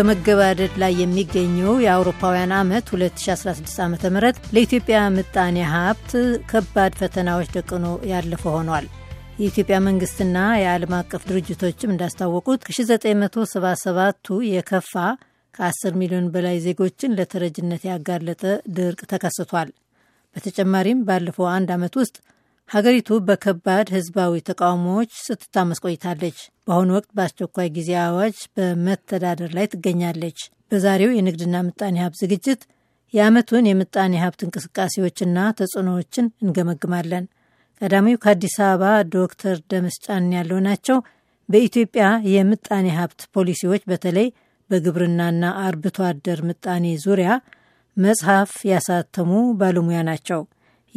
በመገባደድ ላይ የሚገኘው የአውሮፓውያን ዓመት 2016 ዓ ም ለኢትዮጵያ ምጣኔ ሀብት ከባድ ፈተናዎች ደቅኖ ያለፈ ሆኗል። የኢትዮጵያ መንግስትና የዓለም አቀፍ ድርጅቶችም እንዳስታወቁት ከ1977ቱ የከፋ ከ10 ሚሊዮን በላይ ዜጎችን ለተረጅነት ያጋለጠ ድርቅ ተከስቷል። በተጨማሪም ባለፈው አንድ ዓመት ውስጥ ሀገሪቱ በከባድ ህዝባዊ ተቃውሞዎች ስትታመስ ቆይታለች። በአሁኑ ወቅት በአስቸኳይ ጊዜ አዋጅ በመተዳደር ላይ ትገኛለች። በዛሬው የንግድና ምጣኔ ሀብት ዝግጅት የዓመቱን የምጣኔ ሀብት እንቅስቃሴዎችና ተጽዕኖዎችን እንገመግማለን። ቀዳሚው ከአዲስ አበባ ዶክተር ደምስ ጫን ያለው ናቸው። በኢትዮጵያ የምጣኔ ሀብት ፖሊሲዎች በተለይ በግብርናና አርብቶ አደር ምጣኔ ዙሪያ መጽሐፍ ያሳተሙ ባለሙያ ናቸው።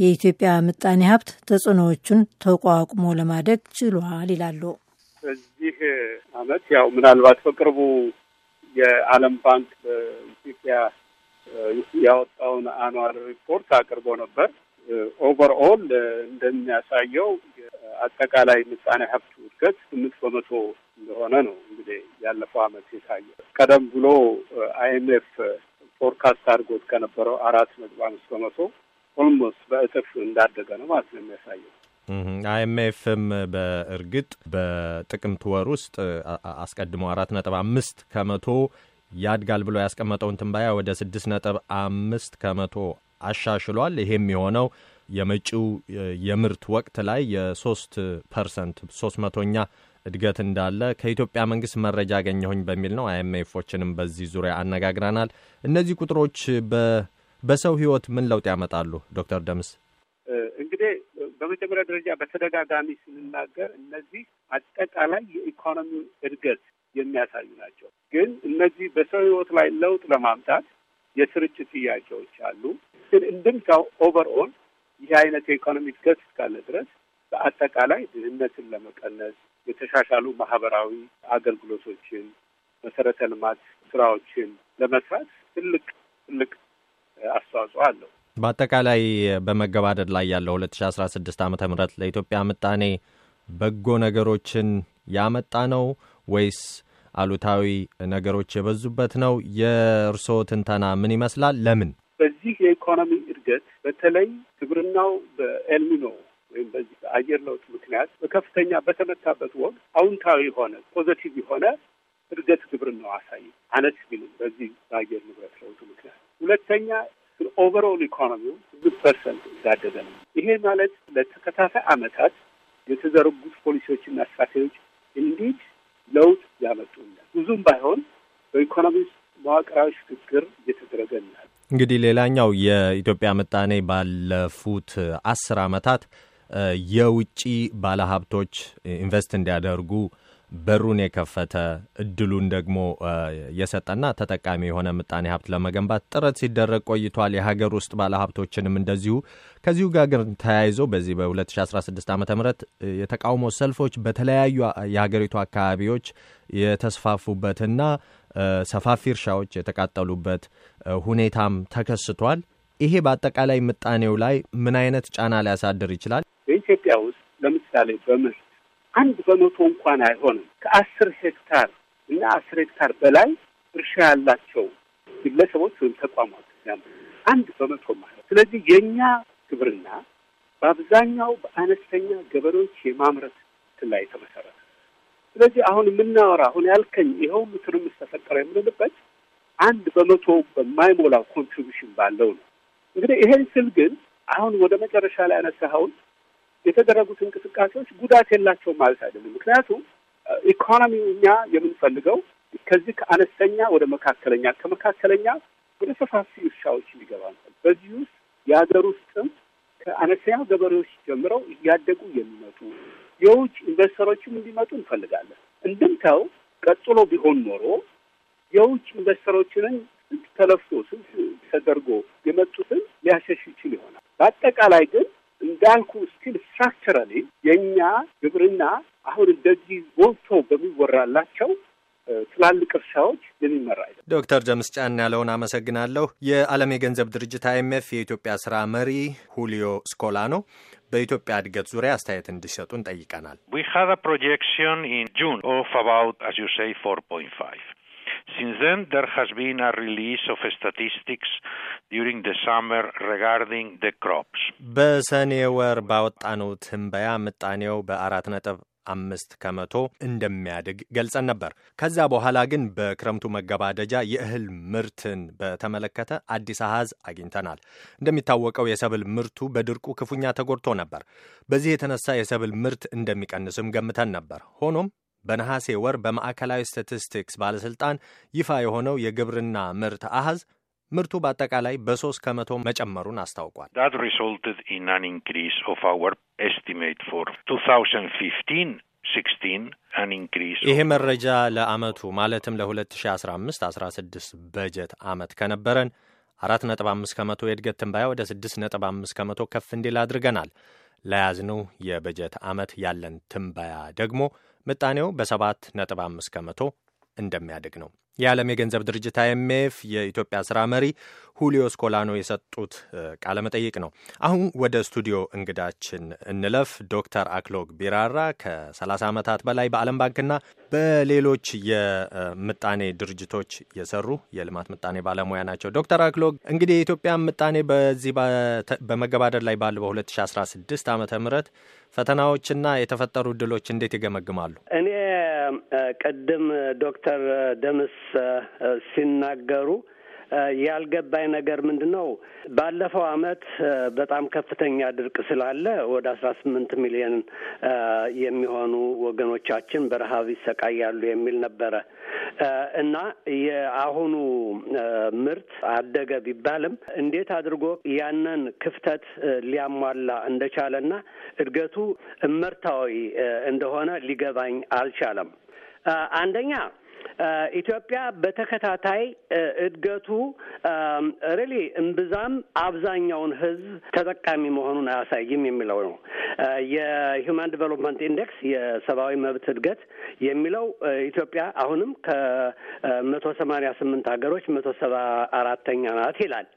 የኢትዮጵያ ምጣኔ ሀብት ተጽዕኖዎቹን ተቋቁሞ ለማደግ ችሏል ይላሉ። በዚህ አመት ያው ምናልባት በቅርቡ የዓለም ባንክ በኢትዮጵያ ያወጣውን አኗል ሪፖርት አቅርቦ ነበር። ኦቨርኦል እንደሚያሳየው አጠቃላይ ምጣኔ ሀብት እድገት ስምንት በመቶ እንደሆነ ነው። እንግዲህ ያለፈው አመት የታየ ቀደም ብሎ አይኤምኤፍ ፎርካስት አድርጎት ከነበረው አራት ነጥብ አምስት በመቶ ኦልሞስት በእጥፍ እንዳደገ ነው ማለት ነው የሚያሳየው። አይኤምኤፍም በእርግጥ በጥቅምት ወር ውስጥ አስቀድሞ አራት ነጥብ አምስት ከመቶ ያድጋል ብሎ ያስቀመጠውን ትንባያ ወደ ስድስት ነጥብ አምስት ከመቶ አሻሽሏል። ይሄም የሆነው የመጪው የምርት ወቅት ላይ የሶስት ፐርሰንት ሶስት መቶኛ እድገት እንዳለ ከኢትዮጵያ መንግስት መረጃ አገኘሁኝ በሚል ነው። አይኤምኤፎችንም በዚህ ዙሪያ አነጋግረናል። እነዚህ ቁጥሮች በ በሰው ህይወት ምን ለውጥ ያመጣሉ ዶክተር ደምስ? እንግዲህ በመጀመሪያ ደረጃ በተደጋጋሚ ስንናገር እነዚህ አጠቃላይ የኢኮኖሚ እድገት የሚያሳዩ ናቸው። ግን እነዚህ በሰው ህይወት ላይ ለውጥ ለማምጣት የስርጭት ጥያቄዎች አሉ። ግን እንድምታው ኦቨርኦል ይህ አይነት የኢኮኖሚ እድገት እስካለ ድረስ በአጠቃላይ ድህነትን ለመቀነስ የተሻሻሉ ማህበራዊ አገልግሎቶችን፣ መሰረተ ልማት ስራዎችን ለመስራት ትልቅ ትልቅ አስተዋጽኦ አለው። በአጠቃላይ በመገባደድ ላይ ያለው 2016 ዓመተ ምህረት ለኢትዮጵያ ምጣኔ በጎ ነገሮችን ያመጣ ነው ወይስ አሉታዊ ነገሮች የበዙበት ነው? የእርስዎ ትንተና ምን ይመስላል? ለምን በዚህ የኢኮኖሚ እድገት በተለይ ግብርናው በኤልሚኖ ወይም በዚህ በአየር ለውጥ ምክንያት በከፍተኛ በተመታበት ወቅት አውንታዊ የሆነ ፖዘቲቭ የሆነ እድገት ግብርናው አሳይ አነት ቢልም በዚህ በአየር ንብረት ለውጡ ምክንያት ሁለተኛ ኦቨርኦል ኢኮኖሚው ስድስት ፐርሰንት እንዳደገ ነው። ይሄ ማለት ለተከታታይ አመታት የተዘረጉት ፖሊሲዎችና ስትራቴጂዎች እንዴት ለውጥ ያመጡ ብዙም ባይሆን በኢኮኖሚ ውስጥ መዋቅራዊ ሽግግር እየተደረገ ናል። እንግዲህ ሌላኛው የኢትዮጵያ ምጣኔ ባለፉት አስር አመታት የውጭ ባለሀብቶች ኢንቨስት እንዲያደርጉ በሩን የከፈተ እድሉን ደግሞ የሰጠና ተጠቃሚ የሆነ ምጣኔ ሀብት ለመገንባት ጥረት ሲደረግ ቆይቷል። የሀገር ውስጥ ባለሀብቶችንም እንደዚሁ። ከዚሁ ጋር ግን ተያይዞ በዚህ በ2016 ዓ ም የተቃውሞ ሰልፎች በተለያዩ የሀገሪቱ አካባቢዎች የተስፋፉበትና ሰፋፊ እርሻዎች የተቃጠሉበት ሁኔታም ተከስቷል። ይሄ በአጠቃላይ ምጣኔው ላይ ምን አይነት ጫና ሊያሳድር ይችላል? በኢትዮጵያ ውስጥ ለምሳሌ በምር አንድ በመቶ እንኳን አይሆንም። ከአስር ሄክታር እና አስር ሄክታር በላይ እርሻ ያላቸው ግለሰቦች ወይም ተቋማት አንድ በመቶ ማለት። ስለዚህ የእኛ ግብርና በአብዛኛው በአነስተኛ ገበሬዎች የማምረት ላይ የተመሰረተ ስለዚህ አሁን የምናወራ አሁን ያልከኝ ይኸው ትርምስ ተፈጠረ የምንልበት አንድ በመቶ በማይሞላው ኮንትሪቢሽን ባለው ነው። እንግዲህ ይሄን ስል ግን አሁን ወደ መጨረሻ ላይ ያነሳኸውን የተደረጉት እንቅስቃሴዎች ጉዳት የላቸውም ማለት አይደለም። ምክንያቱም ኢኮኖሚው እኛ የምንፈልገው ከዚህ ከአነስተኛ ወደ መካከለኛ ከመካከለኛ ወደ ሰፋፊ እርሻዎች እንዲገባ ነው። በዚህ ውስጥ የሀገር ውስጥም ከአነስተኛ ገበሬዎች ጀምረው እያደጉ የሚመጡ የውጭ ኢንቨስተሮችም እንዲመጡ እንፈልጋለን። እንድምታው ቀጥሎ ቢሆን ኖሮ የውጭ ኢንቨስተሮችንን ስንት ተለፍቶ ስንት ተደርጎ የመጡትን ሊያሸሽ ይችል ይሆናል። በአጠቃላይ ግን እንዳልኩ ስቲል ስትራክቸራሊ የእኛ ግብርና አሁን እንደዚህ ጎልቶ በሚወራላቸው ትላልቅ እርሻዎች የሚመራ አይደለም። ዶክተር ጀምስ ጫን ያለውን አመሰግናለሁ። የዓለም የገንዘብ ድርጅት አይኤምኤፍ የኢትዮጵያ ስራ መሪ ሁሊዮ ስኮላኖ በኢትዮጵያ እድገት ዙሪያ አስተያየት እንዲሰጡን ጠይቀናል። ፕሮጀክሽን ኢን ጁን ኦፍ አባውት አስ ዩ ሴይ ፎር ፖይንት ፋይቭ Since then, there has been a release of statistics during the summer regarding the crops. በሰኔ ወር ባወጣነው ትንበያ ምጣኔው በአራት ነጥብ አምስት ከመቶ እንደሚያድግ ገልጸን ነበር። ከዛ በኋላ ግን በክረምቱ መገባደጃ የእህል ምርትን በተመለከተ አዲስ አሃዝ አግኝተናል። እንደሚታወቀው የሰብል ምርቱ በድርቁ ክፉኛ ተጎድቶ ነበር። በዚህ የተነሳ የሰብል ምርት እንደሚቀንስም ገምተን ነበር። ሆኖም በነሐሴ ወር በማዕከላዊ ስታቲስቲክስ ባለሥልጣን ይፋ የሆነው የግብርና ምርት አሐዝ ምርቱ በአጠቃላይ በሶስት ከመቶ መጨመሩን አስታውቋል። ይሄ መረጃ ለአመቱ ማለትም ለ2015 16 በጀት ዓመት ከነበረን 4.5 ከመቶ የእድገት ትንባያ ወደ 6.5 ከመቶ ከፍ እንዲል አድርገናል። ለያዝነው የበጀት ዓመት ያለን ትንባያ ደግሞ ምጣኔው በ7 ነጥብ 5 ከመቶ እንደሚያድግ ነው። የዓለም የገንዘብ ድርጅት አይኤምኤፍ የኢትዮጵያ ስራ መሪ ሁሊዮ ስኮላኖ የሰጡት ቃለ መጠይቅ ነው። አሁን ወደ ስቱዲዮ እንግዳችን እንለፍ። ዶክተር አክሎግ ቢራራ ከ30 ዓመታት በላይ በዓለም ባንክና በሌሎች የምጣኔ ድርጅቶች የሰሩ የልማት ምጣኔ ባለሙያ ናቸው። ዶክተር አክሎግ እንግዲህ የኢትዮጵያ ምጣኔ በዚህ በመገባደድ ላይ ባሉ በ2016 ዓ ም ፈተናዎችና የተፈጠሩ እድሎች እንዴት ይገመግማሉ? እኔ ቅድም ዶክተር ደምስ ሲናገሩ ያልገባኝ ነገር ምንድን ነው? ባለፈው አመት በጣም ከፍተኛ ድርቅ ስላለ ወደ አስራ ስምንት ሚሊዮን የሚሆኑ ወገኖቻችን በረሀብ ይሰቃያሉ የሚል ነበረ እና የአሁኑ ምርት አደገ ቢባልም እንዴት አድርጎ ያንን ክፍተት ሊያሟላ እንደቻለና እድገቱ እመርታዊ እንደሆነ ሊገባኝ አልቻለም። አንደኛ ኢትዮጵያ በተከታታይ እድገቱ ሪሊ እምብዛም አብዛኛውን ህዝብ ተጠቃሚ መሆኑን አያሳይም የሚለው ነው። የሂውማን ዲቨሎፕመንት ኢንዴክስ የሰብአዊ መብት እድገት የሚለው ኢትዮጵያ አሁንም ከመቶ ሰማኒያ ስምንት ሀገሮች መቶ ሰባ አራተኛ ናት ይላል።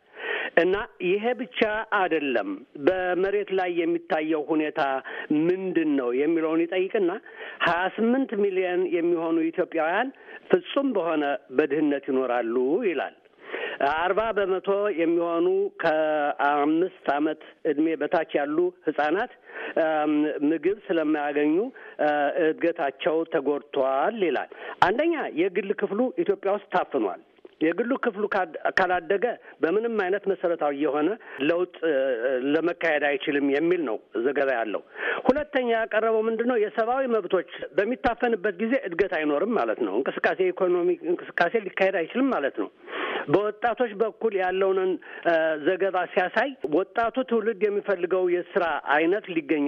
እና ይሄ ብቻ አይደለም። በመሬት ላይ የሚታየው ሁኔታ ምንድን ነው የሚለውን ይጠይቅና ሀያ ስምንት ሚሊዮን የሚሆኑ ኢትዮጵያውያን ፍጹም በሆነ በድህነት ይኖራሉ ይላል። አርባ በመቶ የሚሆኑ ከአምስት ዓመት እድሜ በታች ያሉ ህጻናት ምግብ ስለማያገኙ እድገታቸው ተጎድቷል ይላል። አንደኛ የግል ክፍሉ ኢትዮጵያ ውስጥ ታፍኗል። የግሉ ክፍሉ ካላደገ በምንም አይነት መሰረታዊ የሆነ ለውጥ ለመካሄድ አይችልም የሚል ነው ዘገባ ያለው። ሁለተኛ ያቀረበው ምንድን ነው? የሰብአዊ መብቶች በሚታፈንበት ጊዜ እድገት አይኖርም ማለት ነው። እንቅስቃሴ ኢኮኖሚ እንቅስቃሴ ሊካሄድ አይችልም ማለት ነው። በወጣቶች በኩል ያለውን ዘገባ ሲያሳይ ወጣቱ ትውልድ የሚፈልገው የስራ አይነት ሊገኝ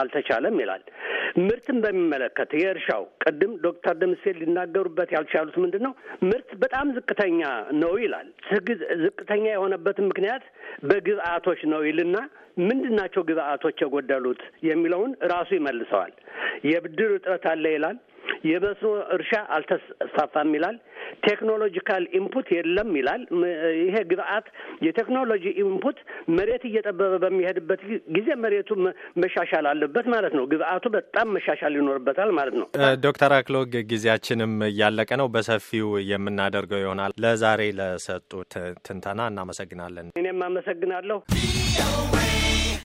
አልተቻለም ይላል። ምርትን በሚመለከት የእርሻው ቅድም ዶክተር ደምሴ ሊናገሩበት ያልቻሉት ምንድን ነው? ምርት በጣም ዝቅተኛ ነው ይላል። ዝቅተኛ የሆነበትን ምክንያት በግብአቶች ነው ይልና ምንድን ናቸው ግብአቶች የጎደሉት የሚለውን ራሱ ይመልሰዋል። የብድር እጥረት አለ ይላል። የመስኖ እርሻ አልተስፋፋም ይላል። ቴክኖሎጂካል ኢንፑት የለም ይላል። ይሄ ግብአት የቴክኖሎጂ ኢንፑት መሬት እየጠበበ በሚሄድበት ጊዜ መሬቱ መሻሻል አለበት ማለት ነው። ግብአቱ በጣም መሻሻል ይኖርበታል ማለት ነው። ዶክተር አክሎግ ጊዜያችንም እያለቀ ነው። በሰፊው የምናደርገው ይሆናል። ለዛሬ ለሰጡ ትንተና እናመሰግናለን። እኔም አመሰግናለሁ።